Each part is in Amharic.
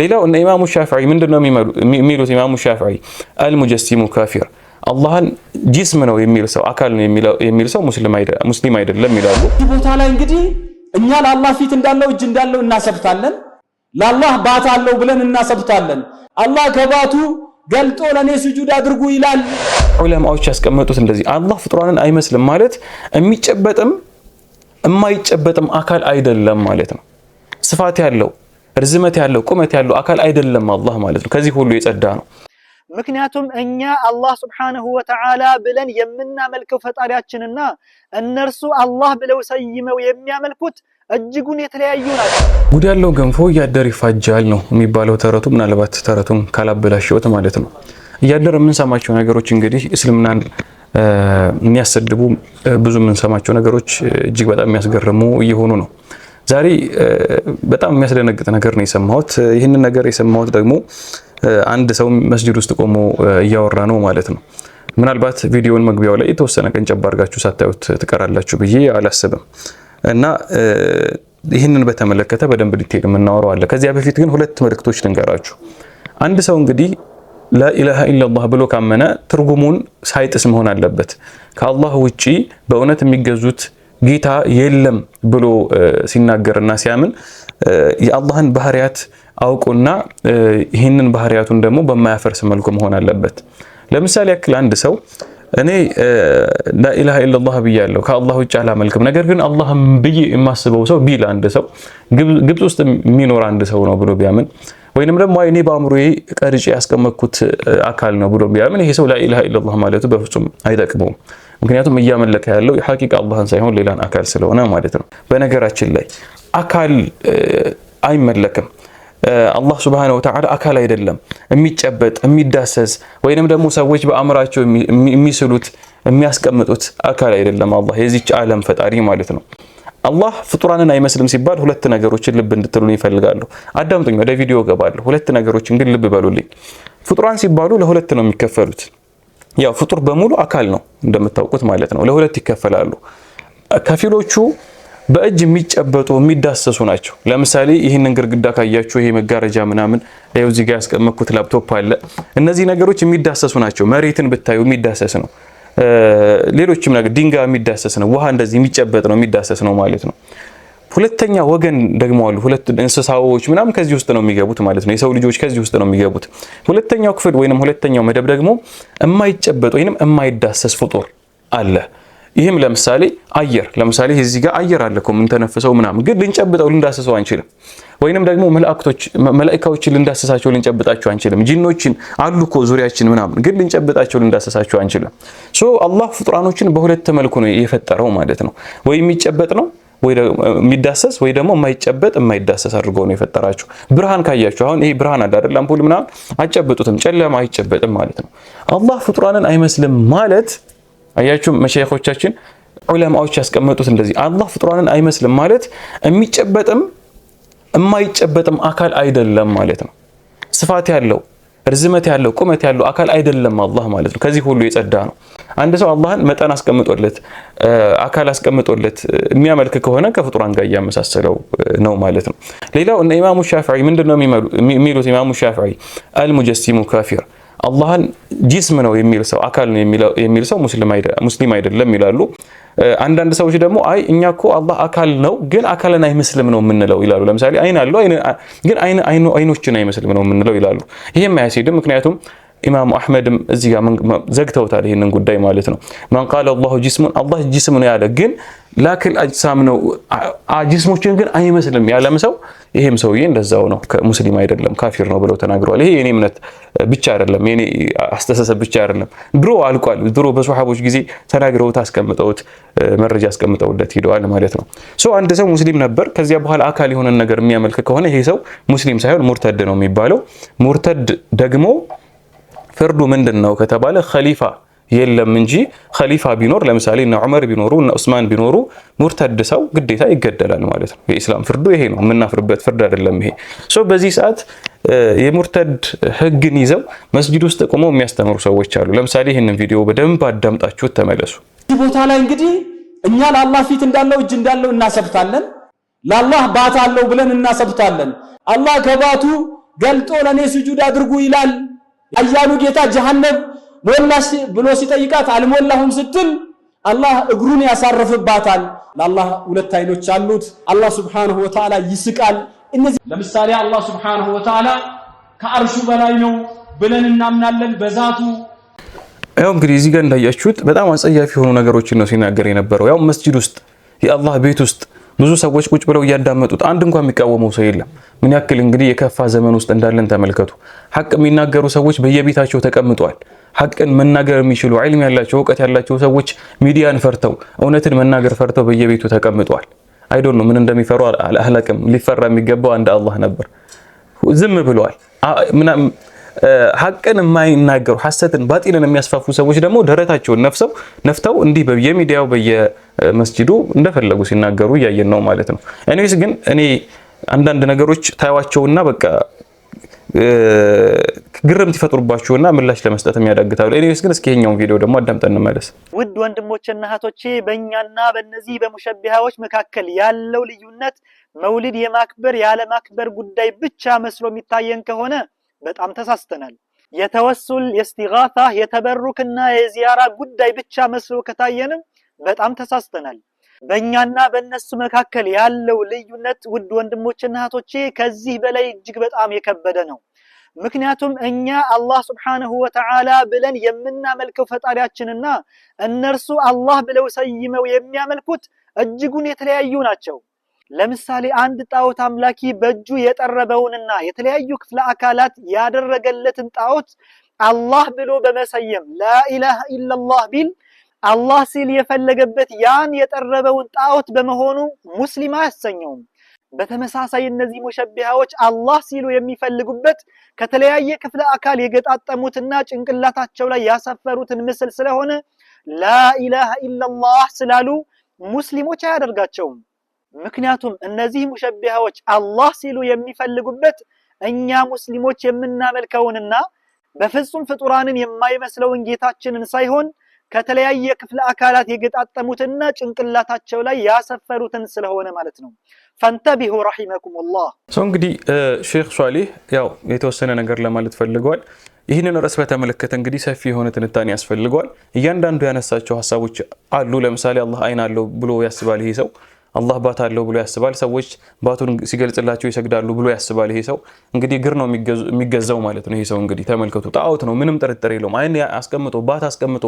ሌላው እነ ኢማሙ ሻፍዒ ምንድን ነው የሚሉት? ኢማሙ ሻፍዒ አልሙጀሲሙ ካፊር፣ አላህን ጂስም ነው የሚል ሰው አካል ነው የሚል ሰው ሙስሊም አይደለም ይላሉ። ቦታ ላይ እንግዲህ እኛ ለአላህ ፊት እንዳለው እጅ እንዳለው እናሰብታለን፣ ለአላህ ባት አለው ብለን እናሰብታለን። አላህ ከባቱ ገልጦ ለእኔ ስጁድ አድርጉ ይላል። ዑለማዎች ያስቀመጡት እንደዚህ አላህ ፍጡራንን አይመስልም ማለት የሚጨበጥም የማይጨበጥም አካል አይደለም ማለት ነው። ስፋት ያለው ርዝመት ያለው ቁመት ያለው አካል አይደለም አላህ ማለት ነው። ከዚህ ሁሉ የጸዳ ነው። ምክንያቱም እኛ አላህ ሱብሓነሁ ወተዓላ ብለን የምናመልከው ፈጣሪያችንና እነርሱ አላህ ብለው ሰይመው የሚያመልኩት እጅጉን የተለያዩ ናቸው። ጉድ ያለው ገንፎ እያደር ይፋጃል ነው የሚባለው ተረቱ። ምናልባት ተረቱን ካላበላሸሁት ማለት ነው። እያደር የምንሰማቸው ነገሮች እንግዲህ እስልምናን የሚያሰድቡ ብዙ የምንሰማቸው ነገሮች እጅግ በጣም የሚያስገርሙ እየሆኑ ነው። ዛሬ በጣም የሚያስደነግጥ ነገር ነው የሰማሁት። ይህንን ነገር የሰማሁት ደግሞ አንድ ሰው መስጂድ ውስጥ ቆሞ እያወራ ነው ማለት ነው። ምናልባት ቪዲዮውን መግቢያው ላይ የተወሰነ ቀን ጨባ አድርጋችሁ ሳታዩት ትቀራላችሁ ብዬ አላስብም እና ይህንን በተመለከተ በደንብ ዲቴል የምናወራው አለ። ከዚያ በፊት ግን ሁለት መልእክቶች ልንገራችሁ። አንድ ሰው እንግዲህ ላኢላሃ ኢላላህ ብሎ ካመነ ትርጉሙን ሳይጥስ መሆን አለበት። ከአላህ ውጪ በእውነት የሚገዙት ጌታ የለም ብሎ ሲናገርና ሲያምን የአላህን ባህሪያት አውቆና ይህንን ባህሪያቱን ደግሞ በማያፈርስ መልኩ መሆን አለበት። ለምሳሌ ያክል አንድ ሰው እኔ ላኢላሃ ኢለላህ ብያለሁ ከአላህ ውጭ አላመልክም፣ ነገር ግን አላህም ብዬ የማስበው ሰው ቢል አንድ ሰው ግብፅ ውስጥ የሚኖር አንድ ሰው ነው ብሎ ቢያምን ወይንም ደግሞ እኔ በአእምሮዬ ቀርጬ ያስቀመጥኩት አካል ነው ብሎ ቢያምን ይሄ ሰው ላኢላሃ ኢለላህ ማለቱ በፍጹም አይጠቅመውም። ምክንያቱም እያመለከ ያለው የሐቂቃ አላህን ሳይሆን ሌላን አካል ስለሆነ ማለት ነው። በነገራችን ላይ አካል አይመለክም። አላህ ሱብሃነሁ ወተዓላ አካል አይደለም። የሚጨበጥ የሚዳሰስ ወይንም ደግሞ ሰዎች በአእምራቸው የሚስሉት የሚያስቀምጡት አካል አይደለም። አላህ የዚች ዓለም ፈጣሪ ማለት ነው። አላህ ፍጡራንን አይመስልም ሲባል ሁለት ነገሮችን ልብ እንድትሉን ይፈልጋሉ። አዳምጡኝ፣ ወደ ቪዲዮ ገባለሁ። ሁለት ነገሮችን ግን ልብ በሉልኝ። ፍጡራን ሲባሉ ለሁለት ነው የሚከፈሉት። ያው ፍጡር በሙሉ አካል ነው እንደምታውቁት ማለት ነው። ለሁለት ይከፈላሉ። ከፊሎቹ በእጅ የሚጨበጡ የሚዳሰሱ ናቸው። ለምሳሌ ይህንን ግድግዳ ካያችሁ ይሄ መጋረጃ ምናምን ይኸው እዚህ ጋር ያስቀመጥኩት ላፕቶፕ አለ። እነዚህ ነገሮች የሚዳሰሱ ናቸው። መሬትን ብታዩ የሚዳሰስ ነው። ሌሎችም ነገር ድንጋይ የሚዳሰስ ነው፣ ውሃ እንደዚህ የሚጨበጥ ነው የሚዳሰስ ነው ማለት ነው። ሁለተኛ ወገን ደግሞ አሉ። ሁለት እንስሳዎች ምናምን ከዚህ ውስጥ ነው የሚገቡት ማለት ነው። የሰው ልጆች ከዚህ ውስጥ ነው የሚገቡት። ሁለተኛው ክፍል ወይንም ሁለተኛው መደብ ደግሞ የማይጨበጥ ወይንም የማይዳሰስ ፍጡር አለ። ይህም ለምሳሌ አየር ለምሳሌ እዚህ ጋር አየር አለ እኮ የምንተነፍሰው ምናምን፣ ግን ልንጨብጠው ልንዳስሰው አንችልም። ወይንም ደግሞ መላእክቶችን ልንዳስሳቸው ልንጨብጣቸው አንችልም። ጂኖችን አሉ እኮ ዙሪያችን ምናምን፣ ግን ልንጨብጣቸው ልንዳስሳቸው አንችልም። ሶ አላህ ፍጡራኖችን በሁለት መልኩ ነው የፈጠረው ማለት ነው። ወይ የሚጨበጥ ነው የሚዳሰስ ወይ ደግሞ የማይጨበጥ የማይዳሰስ አድርጎ ነው የፈጠራቸው። ብርሃን ካያችሁ አሁን ይሄ ብርሃን አለ አይደል? አምፖል ምናምን አጨብጡትም፣ ጨለማ አይጨበጥም ማለት ነው። አላህ ፍጡራንን አይመስልም ማለት አያችሁም መሸይኾቻችን ዑለማዎች ያስቀመጡት እንደዚህ አላህ ፍጡራንን አይመስልም ማለት የሚጨበጥም የማይጨበጥም አካል አይደለም ማለት ነው። ስፋት ያለው ርዝመት ያለው ቁመት ያለው አካል አይደለም አላህ ማለት ነው። ከዚህ ሁሉ የጸዳ ነው። አንድ ሰው አላህን መጠን አስቀምጦለት አካል አስቀምጦለት የሚያመልክ ከሆነ ከፍጡራን ጋር እያመሳሰለው ነው ማለት ነው። ሌላው እነ ኢማሙ ሻፍዒ ምንድን ነው የሚሉት? ኢማሙ ሻፍዒ አልሙጀሲሙ ካፊር አላህን ጂስም ነው የሚል ሰው አካል ነው የሚል ሰው ሙስሊም አይደለም ይላሉ። አንዳንድ ሰዎች ደግሞ አይ እኛ እኮ አላህ አካል ነው ግን አካልን አይመስልም ነው የምንለው ይላሉ። ለምሳሌ አይን አለው ግን አይኖችን አይመስልም ነው የምንለው ይላሉ። ይህም አያስሄድም። ምክንያቱም ኢማሙ አሕመድም እዚህ ጋር ዘግተውታል ይህንን ጉዳይ ማለት ነው። መን ቃለ አላሁ ጂስሙን አላህ ጂስም ነው ያለ ግን ላክል አጅሳም ነው አጅስሞችን ግን አይመስልም ያለም ሰው ይሄም ሰውዬ እንደዛው ነው፣ ሙስሊም አይደለም ካፊር ነው ብለው ተናግረዋል። ይሄ የኔ እምነት ብቻ አይደለም፣ የኔ አስተሳሰብ ብቻ አይደለም። ድሮ አልቋል። ድሮ በሶሓቦች ጊዜ ተናግረውት አስቀምጠውት መረጃ አስቀምጠውለት ሂደዋል ማለት ነው። ሶ አንድ ሰው ሙስሊም ነበር፣ ከዚያ በኋላ አካል የሆነን ነገር የሚያመልክ ከሆነ ይሄ ሰው ሙስሊም ሳይሆን ሙርተድ ነው የሚባለው። ሙርተድ ደግሞ ፍርዱ ምንድን ነው ከተባለ ኸሊፋ የለም እንጂ ኸሊፋ ቢኖር ለምሳሌ እነ ዑመር ቢኖሩ እነ ዑስማን ቢኖሩ ሙርተድ ሰው ግዴታ ይገደላል ማለት ነው። የኢስላም ፍርዱ ይሄ ነው። የምናፍርበት ፍርድ አይደለም ይሄ። በዚህ ሰዓት የሙርተድ ህግን ይዘው መስጂድ ውስጥ ቆመው የሚያስተምሩ ሰዎች አሉ። ለምሳሌ ይህንን ቪዲዮ በደንብ አዳምጣችሁት ተመለሱ። እዚህ ቦታ ላይ እንግዲህ እኛ ለአላህ ፊት እንዳለው እጅ እንዳለው እናሰብታለን። ለአላህ ባት አለው ብለን እናሰብታለን። አላህ ከባቱ ገልጦ ለእኔ ስጁድ አድርጉ ይላል አያሉ ጌታ ጀሃነም ሞላሽ ብሎ ሲጠይቃት አልሞላሁም ስትል አላህ እግሩን ያሳርፍባታል። ለአላህ ሁለት አይኖች አሉት። አላህ ሱብሓነሁ ወተዓላ ይስቃል። እነዚህ ለምሳሌ አላህ ሱብሓነሁ ወተዓላ ከአርሹ በላይ ነው ብለን እናምናለን በዛቱ ያው እንግዲህ እዚህ ጋር እንዳያችሁት በጣም አጸያፊ የሆኑ ነገሮችን ነው ሲናገር የነበረው። ያው መስጂድ ውስጥ የአላህ ቤት ውስጥ ብዙ ሰዎች ቁጭ ብለው እያዳመጡት አንድ እንኳን የሚቃወመው ሰው የለም። ምን ያክል እንግዲህ የከፋ ዘመን ውስጥ እንዳለን ተመልከቱ። ሐቅ የሚናገሩ ሰዎች በየቤታቸው ተቀምጠዋል። ሀቅን መናገር የሚችሉ ዒልም ያላቸው እውቀት ያላቸው ሰዎች ሚዲያን ፈርተው እውነትን መናገር ፈርተው በየቤቱ ተቀምጠዋል። አይዶን ነው ምን እንደሚፈሩ አላቅም። ሊፈራ የሚገባው አንድ አላህ ነበር። ዝም ብለዋል። ሀቅን የማይናገሩ ሀሰትን ባጢልን የሚያስፋፉ ሰዎች ደግሞ ደረታቸውን ነፍሰው ነፍተው እንዲህ በየሚዲያው በየመስጂዱ እንደፈለጉ ሲናገሩ እያየን ነው ማለት ነው። እኔስ ግን እኔ አንዳንድ ነገሮች ታዩዋቸውና በቃ ግርምት ይፈጥሩባችሁና ምላሽ ለመስጠት የሚያዳግታሉ። ኤኒዌይስ ግን እስኪ ይሄኛውን ቪዲዮ ደግሞ አዳምጠን መለስ። ውድ ወንድሞችና እህቶቼ በእኛና በእነዚህ በሙሸቢሃዎች መካከል ያለው ልዩነት መውሊድ የማክበር ያለማክበር ጉዳይ ብቻ መስሎ የሚታየን ከሆነ በጣም ተሳስተናል። የተወሱል የስቲጋታ የተበሩክና የዚያራ ጉዳይ ብቻ መስሎ ከታየንም በጣም ተሳስተናል። በእኛና በእነሱ መካከል ያለው ልዩነት ውድ ወንድሞችና እህቶቼ ከዚህ በላይ እጅግ በጣም የከበደ ነው። ምክንያቱም እኛ አላህ ስብሓንሁ ወተዓላ ብለን የምናመልከው ፈጣሪያችንና እነርሱ አላህ ብለው ሰይመው የሚያመልኩት እጅጉን የተለያዩ ናቸው። ለምሳሌ አንድ ጣዖት አምላኪ በእጁ የጠረበውንና የተለያዩ ክፍለ አካላት ያደረገለትን ጣዖት አላህ ብሎ በመሰየም ላኢላሃ ኢለላህ ቢል አላህ ሲል የፈለገበት ያን የጠረበውን ጣዖት በመሆኑ ሙስሊም አያሰኘውም። በተመሳሳይ እነዚህ ሙሸቢሃዎች አላህ ሲሉ የሚፈልጉበት ከተለያየ ክፍለ አካል የገጣጠሙትና ጭንቅላታቸው ላይ ያሰፈሩትን ምስል ስለሆነ ላኢላሃ ኢላላህ ስላሉ ሙስሊሞች አያደርጋቸውም። ምክንያቱም እነዚህ ሙሸቢሃዎች አላህ ሲሉ የሚፈልጉበት እኛ ሙስሊሞች የምናመልከውንና በፍጹም ፍጡራንን የማይመስለውን ጌታችንን ሳይሆን ከተለያየ ክፍለ አካላት የገጣጠሙትና ጭንቅላታቸው ላይ ያሰፈሩትን ስለሆነ ማለት ነው። ፈንተቢሁ ረሒመኩም ላህ። ሰው እንግዲህ ሼክ ሷሊህ ያው የተወሰነ ነገር ለማለት ፈልገዋል። ይህንን ርዕስ በተመለከተ እንግዲህ ሰፊ የሆነ ትንታኔ ያስፈልገዋል። እያንዳንዱ ያነሳቸው ሀሳቦች አሉ። ለምሳሌ አላህ አይን አለው ብሎ ያስባል ይሄ ሰው አላህ ባት አለው ብሎ ያስባል። ሰዎች ባቱን ሲገልጽላቸው ይሰግዳሉ ብሎ ያስባል። ይሄ ሰው እንግዲህ እግር ነው የሚገዛው ማለት ነው። ይሄ ሰው እንግዲህ ተመልከቱ፣ ጣዖት ነው፣ ምንም ጥርጥር የለውም። አይን አስቀምጦ ባት አስቀምጦ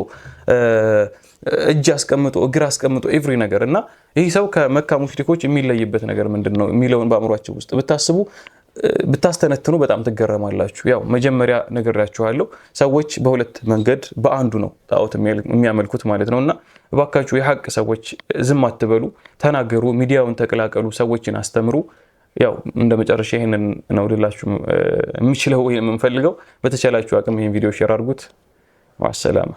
እጅ አስቀምጦ እግር አስቀምጦ ኤቭሪ ነገር እና ይህ ሰው ከመካ ሙሽሪኮች የሚለይበት ነገር ምንድን ነው የሚለውን በአእምሯቸው ውስጥ ብታስቡ ብታስተነትኑ በጣም ትገረማላችሁ። ያው መጀመሪያ ነግሬያችኋለሁ፣ ሰዎች በሁለት መንገድ በአንዱ ነው ጣዖት የሚያመልኩት ማለት ነው። እና እባካችሁ የሀቅ ሰዎች ዝም አትበሉ፣ ተናገሩ፣ ሚዲያውን ተቀላቀሉ፣ ሰዎችን አስተምሩ። ያው እንደ መጨረሻ ይህንን ነው ልላችሁ የሚችለው ወይም የምንፈልገው። በተቻላችሁ አቅም ይህን ቪዲዮ ሼር አድርጉት። ዋሰላማ